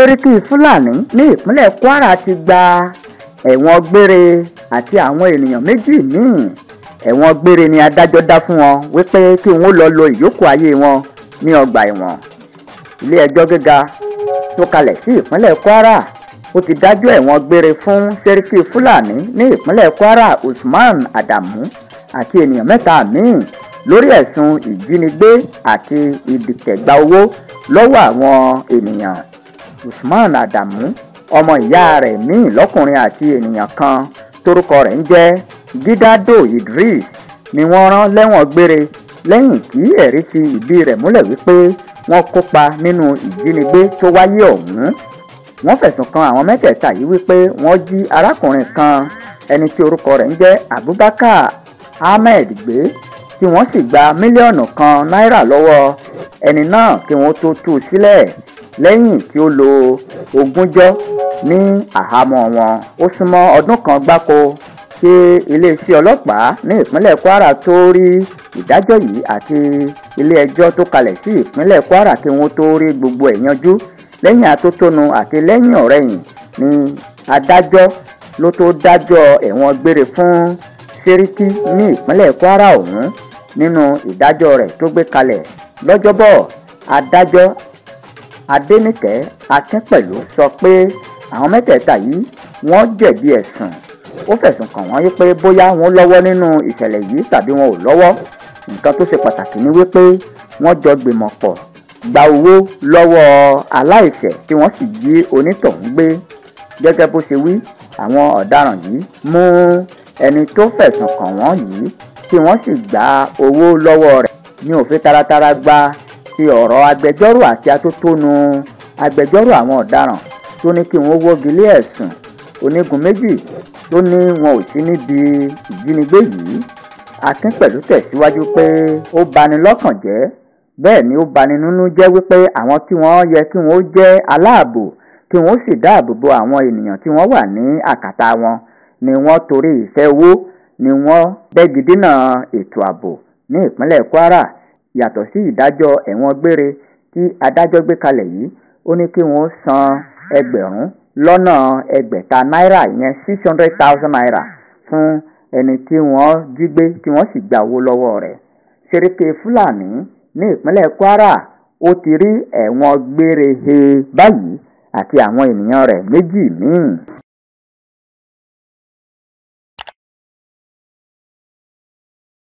séríkì fúlàní ní ìpínlẹ̀ kwara ti gba ẹ̀wọ̀n gbére àti àwọn ènìyàn méjì míì ẹ̀wọ̀n gbére ni adájọ́ dá fún wọn wípé kí wọ́n lọ lo ìyókù ayé wọn ní ọgbà ẹ̀wọ̀n ilé ẹjọ́ gíga tó kalẹ̀ sí ìpínlẹ̀ kwara ó ti dájọ́ ẹ̀wọ̀n gbére fún sẹ́ríkì fúlàní ní ìpínlẹ̀ kwara usman adamu àti ènìyàn mẹ́ta míì lórí ẹ̀sùn ìjínigbé àti ìdìtẹ̀gba owó lọ́wọ́ àwọn ènìyàn usman adamu ọmọ ìyá rẹ̀ míì lọ́kùnrin àti ènìyàn kan torúkọ rẹ̀ ń jẹ́ gidado idris ni wọ́n rán lẹ́wọ̀n gbére lẹ́yìn tí ẹ̀rí fi ìdí rẹ̀ múlẹ̀ wípé wọ́n kópa nínú ìjínigbé tó wáyé ọ̀hún wọ́n fẹ̀sùn kan àwọn mẹ́tẹ̀ẹ̀ta yìí wípé wọ́n jí arákùnrin kan ẹni tí orúkọ rẹ̀ ń jẹ́ abubakar ahmed gbé tí wọ́n sì gba mílíọ̀nù kan náírà lọ́wọ́ ẹni náà kí wọ́n tó tú u lẹ́yìn tí ó lo ogúnjọ́ ní àhámọ́ wọn ó súnmọ́ ọdún kan gbáko tí iléeṣẹ́ ọlọ́pàá ní ìpínlẹ̀ kwara tó rí ìdájọ́ yìí àti ilé-ẹjọ́ tó kalẹ̀ sí ìpínlẹ̀ kwara kí wọ́n tó rí gbogbo ẹ̀ yanjú lẹ́yìn atótónu àti lẹ́yìn ọ̀rẹ́yìn ni adájọ́ ló tó dájọ́ ẹ̀wọ̀n gbére fún sẹ́ríkì ní ìpínlẹ̀ kwara ọ̀hún nínú ìdájọ́ rẹ̀ tó gbé kalẹ̀ lọ́jọ́bọ̀ adájọ́ adẹ́nìkẹ́ akínpẹ̀lú sọ pé àwọn mẹ́tẹ̀ẹ̀ta yìí wọ́n jẹ̀bi ẹ̀sùn ó fẹ̀sùn kàn wọ́n wípé bóyá wọ́n lọ́wọ́ nínú ìṣẹ̀lẹ̀ yìí tàbí wọn ò lọ́wọ́ nǹkan tó ṣe pàtàkì ni wípé wọ́n jọ gbìmọ̀ pọ̀ gba owó lọ́wọ́ aláìṣẹ̀ tí wọ́n sì jí onítọ̀hún gbé gẹ́gẹ́ bó ṣe wí àwọn ọ̀daràn yìí mú ẹni tó fẹ̀sùn kàn wọ́n yìí tí wọ́n sì gba owó lọ́wọ́ rẹ̀ ní òfin taratara gba ti ọ̀rọ̀ agbẹjọ́rò àti atótónu agbẹjọ́rò àwọn ọ̀daràn tó ní kí wọ́n wọ́gi lé ẹ̀sùn onígun méjì tó ní wọn ò sí níbi ìjínigbé yìí akin pẹ̀lú tẹ̀síwájú pé ó bani lọ́kàn jẹ́ bẹ́ẹ̀ ni ó bani nínú jẹ́ wípé àwọn tí wọ́n yẹ kí wọ́n jẹ́ aláàbò kí wọ́n sì dáàbò bo àwọn ènìyàn tí wọ́n wà ní àkàtà wọn ni wọ́n torí ìfẹ́ owó ni wọ́n bẹ́gi dínà ètò ààbò ní ìpínlẹ̀ kwara yàtọ̀ sí ìdájọ́ ẹ̀wọ̀n gbére tí adájọ́ gbé kalẹ̀ yìí ó ní kí wọ́n san ẹgbẹ̀rún lọ́nà ẹgbẹ̀ta náírà ìyẹn six hundred thousand naira fún ẹni tí wọ́n jí gbé tí wọ́n sì gba owó lọ́wọ́ rẹ̀ ṣeréke fúlàní ní ìpínlẹ̀ kwara ó ti rí ẹ̀wọ̀n gbére he báyìí àti àwọn ènìyàn rẹ̀ méjì míì.